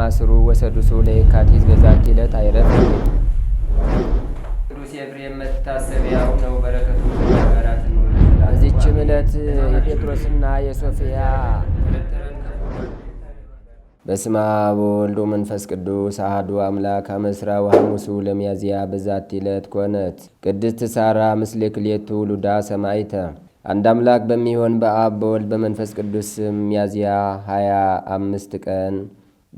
ማስሩ ወሰዱሱ ለየካቲት በዛቲ ዕለት አይረፍ። ቅዱስ ኤፍሬም መታሰቢያው ነው። በረከቱ በዚችም ዕለት የጴጥሮስና የሶፊያ በስመ አብ ወወልድ ወመንፈስ ቅዱስ አሐዱ አምላክ አመስራ ወሐሙሱ ለሚያዝያ በዛቲ ዕለት ኮነት ቅድስት ሳራ ምስለ ክሌቱ ሉዳ ሰማይተ። አንድ አምላክ በሚሆን በአብ በወልድ በመንፈስ ቅዱስ ስም ሚያዝያ ሃያ አምስት ቀን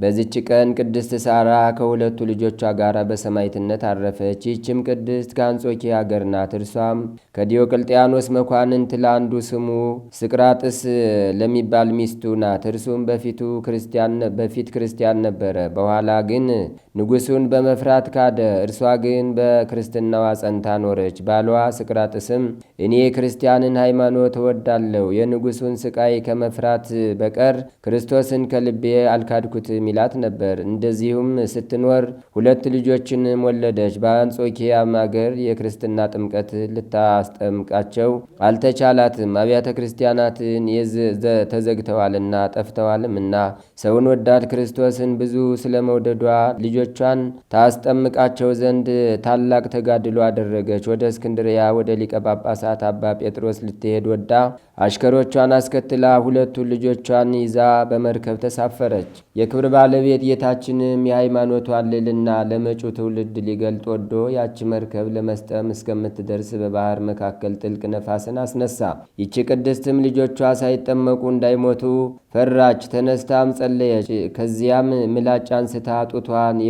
በዚች ቀን ቅድስት ሳራ ከሁለቱ ልጆቿ ጋር በሰማይትነት አረፈች። ይህችም ቅድስት ከአንጾኪያ አገር ናት። እርሷም ከዲዮቅልጥያኖስ መኳንንት ለአንዱ ስሙ ስቅራጥስ ለሚባል ሚስቱ ናት። እርሱም በፊቱ በፊት ክርስቲያን ነበረ፣ በኋላ ግን ንጉሡን በመፍራት ካደ። እርሷ ግን በክርስትናዋ ጸንታ ኖረች። ባሏ ስቅራጥስም እኔ ክርስቲያንን ሃይማኖት እወዳለሁ፣ የንጉሱን ስቃይ ከመፍራት በቀር ክርስቶስን ከልቤ አልካድኩትም ይላት ነበር። እንደዚሁም ስትኖር ሁለት ልጆችንም ወለደች። በአንጾኪያም አገር የክርስትና ጥምቀት ልታስጠምቃቸው አልተቻላትም፣ አብያተ ክርስቲያናትን ተዘግተዋልና ጠፍተዋልምና። ሰውን ወዳድ ክርስቶስን ብዙ ስለ መውደዷ ልጆቿን ታስጠምቃቸው ዘንድ ታላቅ ተጋድሎ አደረገች። ወደ እስክንድሪያ ወደ ሊቀ ጳጳሳት አባ ጴጥሮስ ልትሄድ ወዳ አሽከሮቿን አስከትላ ሁለቱን ልጆቿን ይዛ በመርከብ ተሳፈረች። የክብር ባለቤት ጌታችንም የሃይማኖቷን አልልና ለመጪው ትውልድ ሊገልጥ ወዶ ያቺ መርከብ ለመስጠም እስከምትደርስ በባህር መካከል ጥልቅ ነፋስን አስነሳ። ይቺ ቅድስትም ልጆቿ ሳይጠመቁ እንዳይሞቱ ፈራች። ተነስታም ጸለየች። ከዚያም ምላጭ አንስታ ጡቷን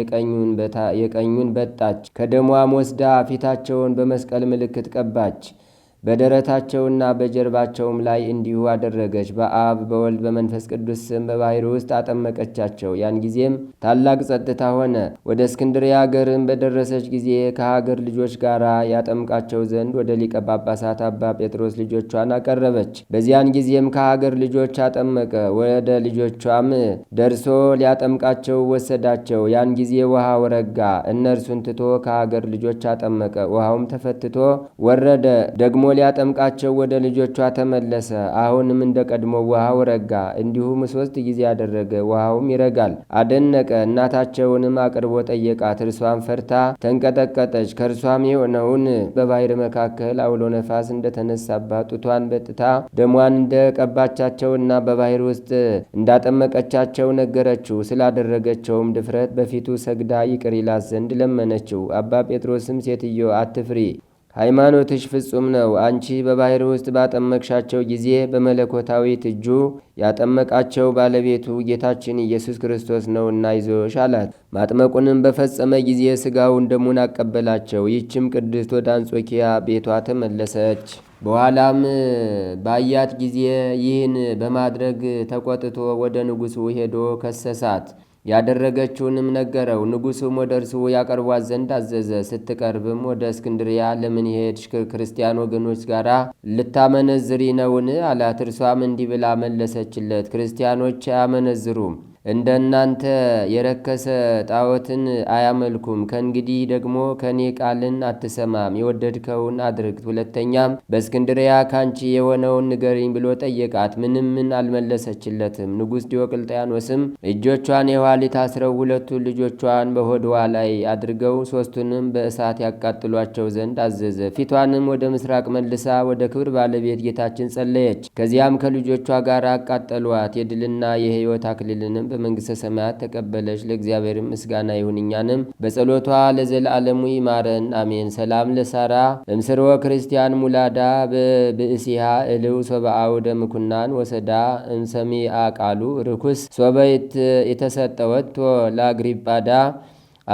የቀኙን በጣች። ከደሟም ወስዳ ፊታቸውን በመስቀል ምልክት ቀባች። በደረታቸውና በጀርባቸውም ላይ እንዲሁ አደረገች። በአብ በወልድ በመንፈስ ቅዱስ ስም በባሕር ውስጥ አጠመቀቻቸው። ያን ጊዜም ታላቅ ጸጥታ ሆነ። ወደ እስክንድርያ አገርም በደረሰች ጊዜ ከሀገር ልጆች ጋር ያጠምቃቸው ዘንድ ወደ ሊቀ ጳጳሳት አባ ጴጥሮስ ልጆቿን አቀረበች። በዚያን ጊዜም ከሀገር ልጆች አጠመቀ። ወደ ልጆቿም ደርሶ ሊያጠምቃቸው ወሰዳቸው። ያን ጊዜ ውሃው ረጋ። እነርሱን ትቶ ከሀገር ልጆች አጠመቀ። ውሃውም ተፈትቶ ወረደ። ደግሞ ሊያጠምቃቸው ወደ ልጆቿ ተመለሰ። አሁንም እንደ ቀድሞ ውሃው ረጋ። እንዲሁም ሶስት ጊዜ ያደረገ፣ ውሃውም ይረጋል። አደነቀ። እናታቸውንም አቅርቦ ጠየቃት። እርሷም ፈርታ ተንቀጠቀጠች። ከእርሷም የሆነውን በባህር መካከል አውሎ ነፋስ እንደተነሳባት ጡቷን በጥታ ደሟን ቀባቻቸውና በባህር ውስጥ እንዳጠመቀቻቸው ነገረችው። ስላደረገቸውም ድፍረት በፊቱ ሰግዳ ይቅር ይላት ዘንድ ለመነችው። አባ ጴጥሮስም ሴትዮ አትፍሪ ሃይማኖትሽ ፍጹም ነው። አንቺ በባሕር ውስጥ ባጠመቅሻቸው ጊዜ በመለኮታዊት እጁ ያጠመቃቸው ባለቤቱ ጌታችን ኢየሱስ ክርስቶስ እና ይዞሽ አላት። ማጥመቁንም በፈጸመ ጊዜ ሥጋውን ደሙን አቀበላቸው። ይህችም ቅድስት ወደ አንጾኪያ ቤቷ ተመለሰች። በኋላም ባያት ጊዜ ይህን በማድረግ ተቆጥቶ ወደ ንጉሡ ሄዶ ከሰሳት። ያደረገችውንም ነገረው። ንጉሱም ወደ እርሱ ያቀርቧት ዘንድ አዘዘ። ስትቀርብም ወደ እስክንድሪያ ለምን ሄድሽ? ከክርስቲያን ወገኖች ጋር ልታመነዝሪ ነውን? አላት። እርሷም እንዲህ ብላ መለሰችለት፣ ክርስቲያኖች አያመነዝሩም እንደናንተ የረከሰ ጣዖትን አያመልኩም። ከእንግዲህ ደግሞ ከእኔ ቃልን አትሰማም፣ የወደድከውን አድርግ። ሁለተኛም በእስክንድሪያ ካንቺ የሆነውን ንገሪኝ ብሎ ጠየቃት። ምንም ምን አልመለሰችለትም። ንጉሥ ዲዮቅልጥያኖስም እጆቿን የኋሊት አስረው ሁለቱን ልጆቿን በሆድዋ ላይ አድርገው ሶስቱንም በእሳት ያቃጥሏቸው ዘንድ አዘዘ። ፊቷንም ወደ ምስራቅ መልሳ ወደ ክብር ባለቤት ጌታችን ጸለየች። ከዚያም ከልጆቿ ጋር አቃጠሏት። የድልና የሕይወት አክሊልንም በመንግሥተ ሰማያት ተቀበለች። ለእግዚአብሔር ምስጋና ይሁን፣ እኛንም በጸሎቷ ለዘላለሙ ይማረን፣ አሜን። ሰላም ለሳራ እምስርወ ክርስቲያን ሙላዳ በብእሲሃ እልው ሶበአው ደምኩናን ወሰዳ እምሰሚአ አቃሉ ርኩስ ሶበ የተሰጠወቶ ለአግሪጳዳ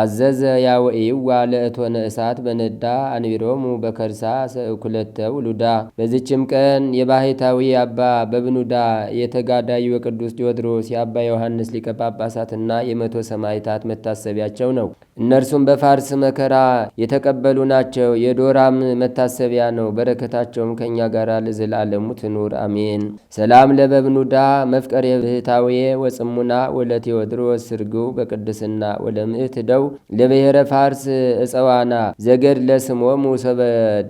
አዘዘ ያወኢዋ ለእቶነ እሳት በነዳ አንቢሮሙ በከርሳ ሰእኩለተ ውሉዳ። በዚችም ቀን የባህታዊ አባ በብኑዳ የተጋዳዩ የቅዱስ ቴዎድሮስ የአባ ዮሐንስ ሊቀ ጳጳሳትና የመቶ ሰማዕታት መታሰቢያቸው ነው። እነርሱም በፋርስ መከራ የተቀበሉ ናቸው። የዶራም መታሰቢያ ነው። በረከታቸውም ከእኛ ጋር ለዘላለሙ ትኑር አሜን። ሰላም ለበብኑዳ መፍቀር የብህታዌ ወጽሙና ወለ ቴዎድሮስ ስርግው በቅድስና ምእት ደው ለብሔረ ፋርስ እፀዋና ዘገድ ለስሞ ሙሰበ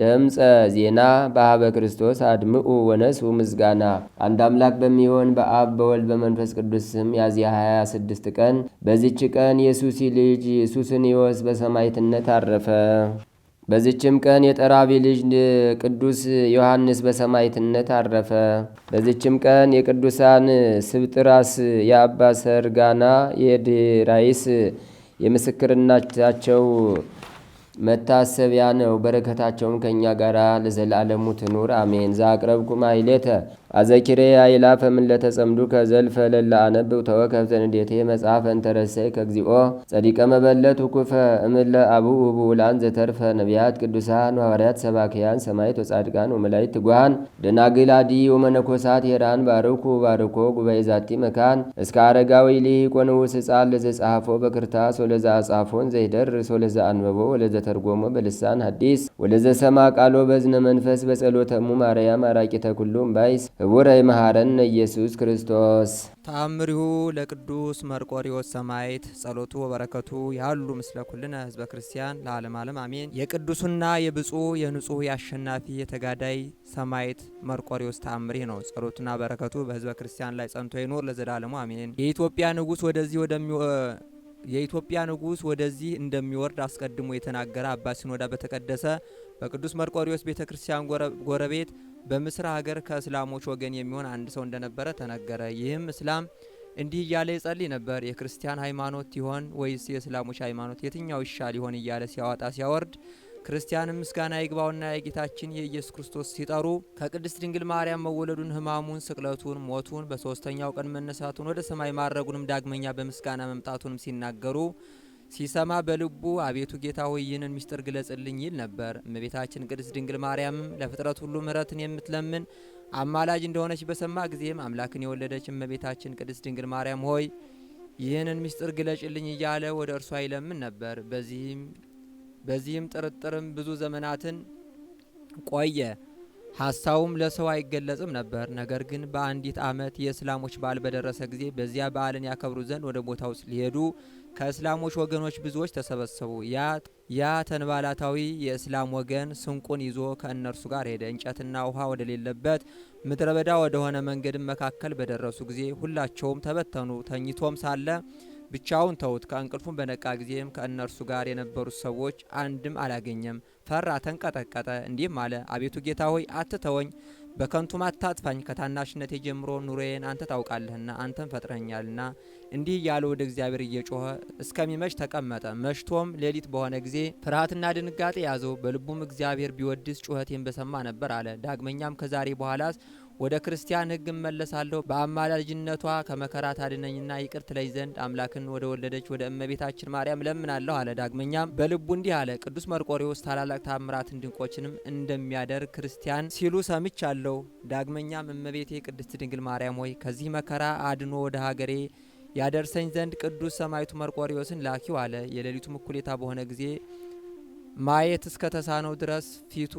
ደምፀ ዜና በሀበ ክርስቶስ አድምኡ ወነሱ ምዝጋና። አንድ አምላክ በሚሆን በአብ በወልድ በመንፈስ ቅዱስ ስም ያዚያ 26 ቀን በዚች ቀን የሱሲ ልጅ ሱስ ሱስንዮስ በሰማይትነት አረፈ። በዚችም ቀን የጠራቢ ልጅ ቅዱስ ዮሐንስ በሰማይትነት አረፈ። በዚችም ቀን የቅዱሳን ስብጥራስ፣ የአባ ሰርጋና የድራይስ የምስክርናቸው መታሰቢያ ነው። በረከታቸውም ከእኛ ጋር ለዘላለሙ ትኑር አሜን። ዘአቅረብኩ ማሕሌተ አዘኪሬ አእላፈ ምለተ ጸምዱከ ዘልፈ ለለ አነብብ ተወከብተ ንዴቴ መጽሐፈ እንተረሰይ ረሰይ ከግዚኦ ጸዲቀ መበለት ውኩፈ እምለ አብኡ ብውላን ዘተርፈ ነቢያት ቅዱሳን ሐዋርያት ሰባክያን ሰማይት ወጻድቃን ወመላይት ትጓሃን ደናግል አዲ ወመነኮሳት ሄራን ባርኩ ባርኮ ጉባኤ ዛቲ መካን እስከ አረጋዊ ሊቆንውስ ሕፃን ለዘጸሐፎ በክርታስ ወለዘ አጻፎን ዘይደርስ ወለዘ አንበቦ ወለዘ ተተርጎሞ በልሳን ሐዲስ ሰማ ቃሎ በዝነ መንፈስ በጸሎተሙ ማርያም አራቂ ተኩሉም ባይስ ህቡረ መሐረነ ኢየሱስ ክርስቶስ ተአምሪሁ ለቅዱስ መርቆሪዎስ ሰማይት ጸሎቱ ወበረከቱ ያሉ ምስለ ኩልነ ህዝበ ክርስቲያን ለዓለም ዓለም አሜን። የቅዱሱና የብፁ የንጹህ የአሸናፊ የተጋዳይ ሰማይት መርቆሪዎስ ተአምሪ ነው። ጸሎቱና በረከቱ በህዝበ ክርስቲያን ላይ ጸንቶ ይኖር ለዘላለሙ አሜን። የኢትዮጵያ ንጉሥ ወደዚህ ወደሚ የኢትዮጵያ ንጉሥ ወደዚህ እንደሚወርድ አስቀድሞ የተናገረ አባ ሲኖዳ በተቀደሰ በቅዱስ መርቆሪዎስ ቤተ ክርስቲያን ጎረቤት በምስር ሀገር ከእስላሞች ወገን የሚሆን አንድ ሰው እንደነበረ ተነገረ። ይህም እስላም እንዲህ እያለ ይጸልይ ነበር። የክርስቲያን ሃይማኖት ይሆን ወይስ የእስላሞች ሃይማኖት? የትኛው ይሻል ይሆን እያለ ሲያወጣ ሲያወርድ ክርስቲያንም ምስጋና ይግባውና የጌታችን የኢየሱስ ክርስቶስ ሲጠሩ ከቅድስት ድንግል ማርያም መወለዱን፣ ሕማሙን፣ ስቅለቱን፣ ሞቱን፣ በሶስተኛው ቀን መነሳቱን፣ ወደ ሰማይ ማድረጉንም ዳግመኛ በምስጋና መምጣቱንም ሲናገሩ ሲሰማ በልቡ አቤቱ ጌታ ሆይ ይህንን ምስጢር ግለጽልኝ ይል ነበር። እመቤታችን ቅድስት ድንግል ማርያም ለፍጥረት ሁሉ ምሕረትን የምትለምን አማላጅ እንደሆነች በሰማ ጊዜም አምላክን የወለደች እመቤታችን ቅድስት ድንግል ማርያም ሆይ ይህንን ምስጢር ግለጭልኝ እያለ ወደ እርሷ ይለምን ነበር። በዚህም በዚህም ጥርጥርም ብዙ ዘመናትን ቆየ። ሀሳቡም ለሰው አይገለጽም ነበር። ነገር ግን በአንዲት ዓመት የእስላሞች በዓል በደረሰ ጊዜ በዚያ በዓልን ያከብሩ ዘንድ ወደ ቦታው ሊሄዱ ከእስላሞች ወገኖች ብዙዎች ተሰበሰቡ። ያ ተንባላታዊ የእስላም ወገን ስንቁን ይዞ ከእነርሱ ጋር ሄደ። እንጨትና ውሃ ወደሌለበት ምድረ በዳ ወደሆነ መንገድም መካከል በደረሱ ጊዜ ሁላቸውም ተበተኑ። ተኝቶም ሳለ ብቻውን ተውት። ከእንቅልፉም በነቃ ጊዜም ከእነርሱ ጋር የነበሩት ሰዎች አንድም አላገኘም። ፈራ፣ ተንቀጠቀጠ፣ እንዲህም አለ፦ አቤቱ ጌታ ሆይ አትተወኝ፣ በከንቱም አታጥፋኝ። ከታናሽነት የጀምሮ ኑሮዬን አንተ ታውቃለህና አንተን ፈጥረኛልና። እንዲህ እያለ ወደ እግዚአብሔር እየጮኸ እስከሚመሽ ተቀመጠ። መሽቶም ሌሊት በሆነ ጊዜ ፍርሃትና ድንጋጤ ያዘው። በልቡም እግዚአብሔር ቢወድስ ጩኸቴን በሰማ ነበር አለ። ዳግመኛም ከዛሬ በኋላስ ወደ ክርስቲያን ሕግ እመለሳለሁ። በአማላጅነቷ ከመከራ ታድነኝና ይቅር ትለይ ዘንድ አምላክን ወደ ወለደች ወደ እመቤታችን ማርያም ለምናለሁ አለ። ዳግመኛም በልቡ እንዲህ አለ፣ ቅዱስ መርቆሬዎስ ታላላቅ ታምራትን ድንቆችንም እንደሚያደርግ ክርስቲያን ሲሉ ሰምቻለሁ። ዳግመኛም እመቤቴ ቅድስት ድንግል ማርያም ሆይ ከዚህ መከራ አድኖ ወደ ሀገሬ ያደርሰኝ ዘንድ ቅዱስ ሰማዕቱ መርቆሬዎስን ላኪው አለ። የሌሊቱ እኩሌታ በሆነ ጊዜ ማየት እስከ ተሳነው ድረስ ፊቱ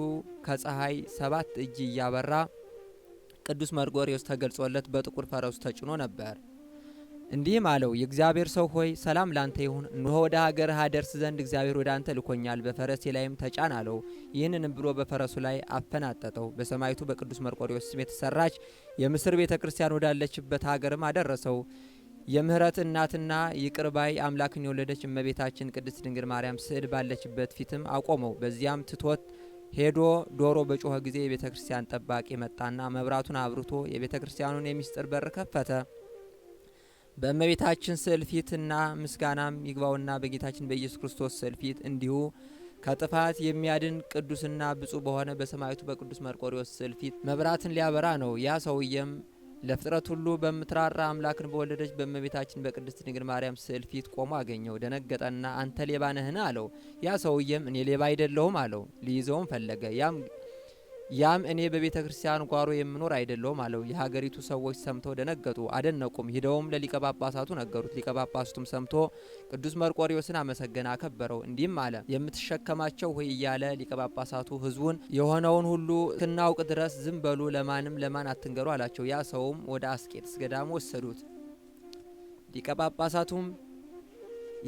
ከፀሐይ ሰባት እጅ እያበራ ቅዱስ መርቆሬዎስ ተገልጾለት በጥቁር ፈረሱ ተጭኖ ነበር። እንዲህም አለው፣ የእግዚአብሔር ሰው ሆይ ሰላም ላንተ ይሁን። እነሆ ወደ ሀገርህ አደርስ ዘንድ እግዚአብሔር ወደ አንተ ልኮኛል፣ በፈረሴ ላይም ተጫን አለው። ይህንንም ብሎ በፈረሱ ላይ አፈናጠጠው። በሰማይቱ በቅዱስ መርቆሬዎስ ስም የተሰራች የምስር ቤተ ክርስቲያን ወዳለችበት ሀገርም አደረሰው። የምህረት እናትና ይቅርባይ አምላክን የወለደች እመቤታችን ቅድስት ድንግል ማርያም ስዕል ባለችበት ፊትም አቆመው። በዚያም ትቶት ሄዶ ዶሮ በጮኸ ጊዜ የቤተ ክርስቲያን ጠባቂ መጣና መብራቱን አብርቶ የቤተ ክርስቲያኑን የሚስጥር በር ከፈተ። በእመቤታችን ስዕል ፊትና ምስጋናም ይግባውና በጌታችን በኢየሱስ ክርስቶስ ስዕል ፊት እንዲሁ ከጥፋት የሚያድን ቅዱስና ብፁዕ በሆነ በሰማዕቱ በቅዱስ መርቆሪዎስ ስዕል ፊት መብራትን ሊያበራ ነው። ያ ሰውዬም ለፍጥረት ሁሉ በምትራራ አምላክን በወለደች በእመቤታችን በቅድስት ድንግል ማርያም ስዕል ፊት ቆሞ አገኘው። ደነገጠና አንተ ሌባ ነህን አለው። ያ ሰውዬም እኔ ሌባ አይደለሁም አለው። ሊይዘውም ፈለገ። ያም ያም እኔ በቤተ ክርስቲያን ጓሮ የምኖር አይደለውም አለው። የሀገሪቱ ሰዎች ሰምተው ደነገጡ፣ አደነቁም። ሂደውም ለሊቀ ጳጳሳቱ ነገሩት። ሊቀ ጳጳሳቱም ሰምቶ ቅዱስ መርቆሪዎስን አመሰገነ፣ አከበረው። እንዲህም አለ የምትሸከማቸው ሆይ እያለ ሊቀ ጳጳሳቱ ህዝቡን የሆነውን ሁሉ እስክናውቅ ድረስ ዝም በሉ፣ ለማንም ለማን አትንገሩ አላቸው። ያ ሰውም ወደ አስቄጥስ ገዳም ወሰዱት። ሊቀ ጳጳሳቱም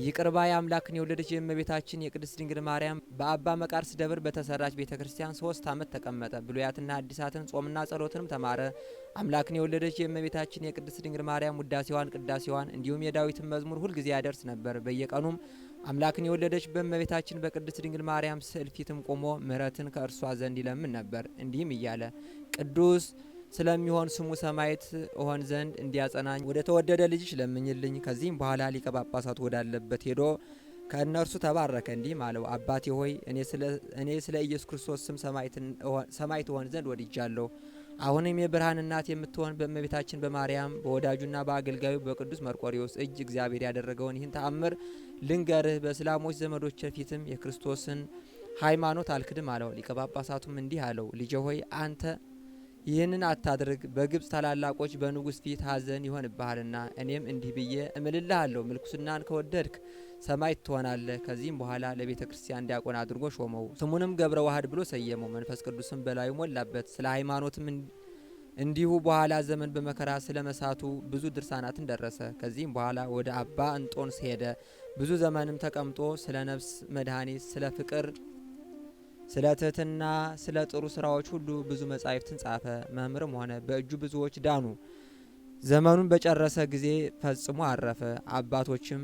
ይቅርባ የአምላክን የወለደች የእመቤታችን የቅድስት ድንግል ማርያም በአባ መቃርስ ደብር በተሰራች ቤተ ክርስቲያን ሶስት ዓመት ተቀመጠ። ብሉያትና አዲሳትን ጾምና ጸሎትንም ተማረ። አምላክን የወለደች የእመቤታችን የቅድስት ድንግል ማርያም ውዳሴዋን፣ ቅዳሴዋን እንዲሁም የዳዊትን መዝሙር ሁልጊዜ ያደርስ ነበር። በየቀኑም አምላክን የወለደች በእመቤታችን በቅድስት ድንግል ማርያም ስዕል ፊትም ቆሞ ምሕረትን ከእርሷ ዘንድ ይለምን ነበር። እንዲህም እያለ ቅዱስ ስለሚሆን ስሙ ሰማዕት እሆን ዘንድ እንዲያጸናኝ ወደ ተወደደ ልጅሽ ለምኝልኝ። ከዚህም በኋላ ሊቀ ጳጳሳት ወዳለበት ሄዶ ከእነርሱ ተባረከ፣ እንዲህም አለው፦ አባቴ ሆይ እኔ ስለ ኢየሱስ ክርስቶስ ስም ሰማዕት እሆን ዘንድ ወድጃለሁ። አሁንም የብርሃን እናት የምትሆን በእመቤታችን በማርያም በወዳጁና በአገልጋዩ በቅዱስ መርቆሪዎስ እጅ እግዚአብሔር ያደረገውን ይህን ተአምር ልንገርህ። በእስላሞች ዘመዶች ፊትም የክርስቶስን ሃይማኖት አልክድም አለው። ሊቀ ጳጳሳቱም እንዲህ አለው፦ ልጄ ሆይ አንተ ይህንን አታድርግ፣ በግብፅ ታላላቆች በንጉሥ ፊት ሐዘን ይሆንብሃልና። እኔም እንዲህ ብዬ እምልልሃለሁ፣ ምልኩስናን ከወደድክ ሰማይ ትሆናለህ። ከዚህም በኋላ ለቤተ ክርስቲያን ዲያቆን አድርጎ ሾመው፣ ስሙንም ገብረ ዋህድ ብሎ ሰየመው። መንፈስ ቅዱስም በላዩ ሞላበት። ስለ ሃይማኖትም እንዲሁ በኋላ ዘመን በመከራ ስለ መሳቱ ብዙ ድርሳናትን ደረሰ። ከዚህም በኋላ ወደ አባ እንጦንስ ሄደ። ብዙ ዘመንም ተቀምጦ ስለ ነፍስ መድኃኒት ስለ ፍቅር ስለ ትህትና፣ ስለ ጥሩ ስራዎች ሁሉ ብዙ መጻሕፍትን ጻፈ። መምህርም ሆነ፣ በእጁ ብዙዎች ዳኑ። ዘመኑን በጨረሰ ጊዜ ፈጽሞ አረፈ። አባቶችም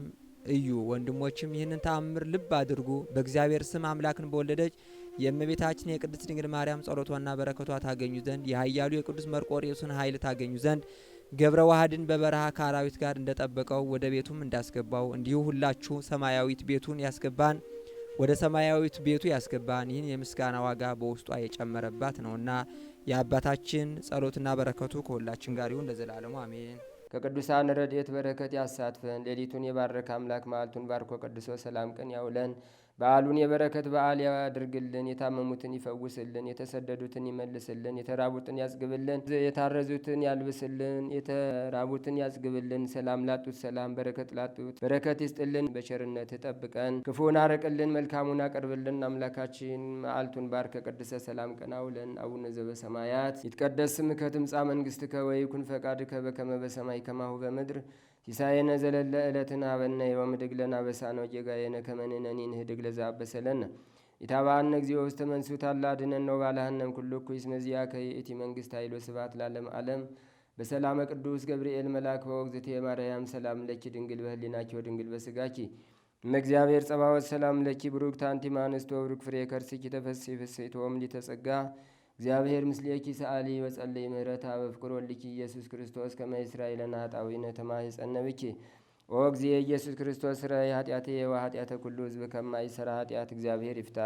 እዩ፣ ወንድሞችም ይህንን ተአምር ልብ አድርጉ። በእግዚአብሔር ስም አምላክን በወለደች የእመቤታችን የቅድስት ድንግል ማርያም ጸሎቷና በረከቷ ታገኙ ዘንድ የኃያሉ የቅዱስ መርቆሬዎስን ኃይል ታገኙ ዘንድ ገብረ ዋህድን በበረሃ ከአራዊት ጋር እንደጠበቀው ወደ ቤቱም እንዳስገባው እንዲሁ ሁላችሁ ሰማያዊት ቤቱን ያስገባን ወደ ሰማያዊት ቤቱ ያስገባን። ይህን የምስጋና ዋጋ በውስጧ የጨመረባት ነውና የአባታችን ጸሎትና በረከቱ ከሁላችን ጋር ይሁን ለዘላለሙ አሜን። ከቅዱሳን ረድኤት በረከት ያሳትፈን። ሌሊቱን የባረከ አምላክ መዓልቱን ባርኮ ቀድሶ ሰላም ቀን ያውለን። በዓሉን የበረከት በዓል ያድርግልን። የታመሙትን ይፈውስልን። የተሰደዱትን ይመልስልን። የተራቡትን ያጽግብልን። የታረዙትን ያልብስልን። የተራቡትን ያጽግብልን። ሰላም ላጡት ሰላም፣ በረከት ላጡት በረከት ይስጥልን። በቸርነት ጠብቀን፣ ክፉን አርቅልን፣ መልካሙን አቅርብልን። አምላካችን መዓልቱን ባር ከቅድሰ ሰላም ቀን አውለን። አቡነ ዘበሰማያት ይትቀደስ ስምከ ትምጻእ ከወይ ወይኩን ፈቃድከ በከመ በሰማይ ከማሁ በምድር ሲሳየነ ዘለለ ዕለትን ሀበነ የወም ድግለና በሳኖ ጌጋየነ ከመንነኒ ንህድግ ለዛ ዛበሰለነ ኢታባአነ እግዚኦ ውስተ መንሱት አላድነኖ ባላህነም ኩሉ ኩይ እስመዚያ ከይእቲ መንግስት ኃይሎ ስባት ላለም አለም በሰላመ ቅዱስ ገብርኤል መልአክ በወግዝቴ የማርያም ሰላም ለኪ ድንግል በህሊናቸው ድንግል በስጋኪ እመእግዚአብሔር ጸባወት ሰላም ለኪ ብሩክታንቲ ማንስቶ ብሩክ ፍሬ ከርስኪ ተፈሥሒ ፍሥሕት ሊተጸጋ እግዚአብሔር ምስሌኪ ሰአሊ በጸለይ ምህረታ በፍቅር ወልኪ ኢየሱስ ክርስቶስ ከመ እስራኤልና ኃጣዊ ነተማ የጸነብኪ ኦ እግዜ ኢየሱስ ክርስቶስ ስራይ የዋ ወኃጢአተ ኩሉ ህዝብ ከማይሰራ ኃጢአት እግዚአብሔር ይፍታ።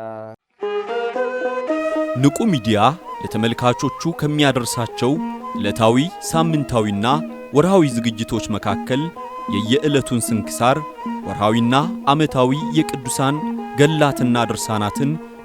ንቁ ሚዲያ ለተመልካቾቹ ከሚያደርሳቸው ዕለታዊ ሳምንታዊና ወርሃዊ ዝግጅቶች መካከል የየዕለቱን ስንክሳር ወርሃዊና ዓመታዊ የቅዱሳን ገላትና ድርሳናትን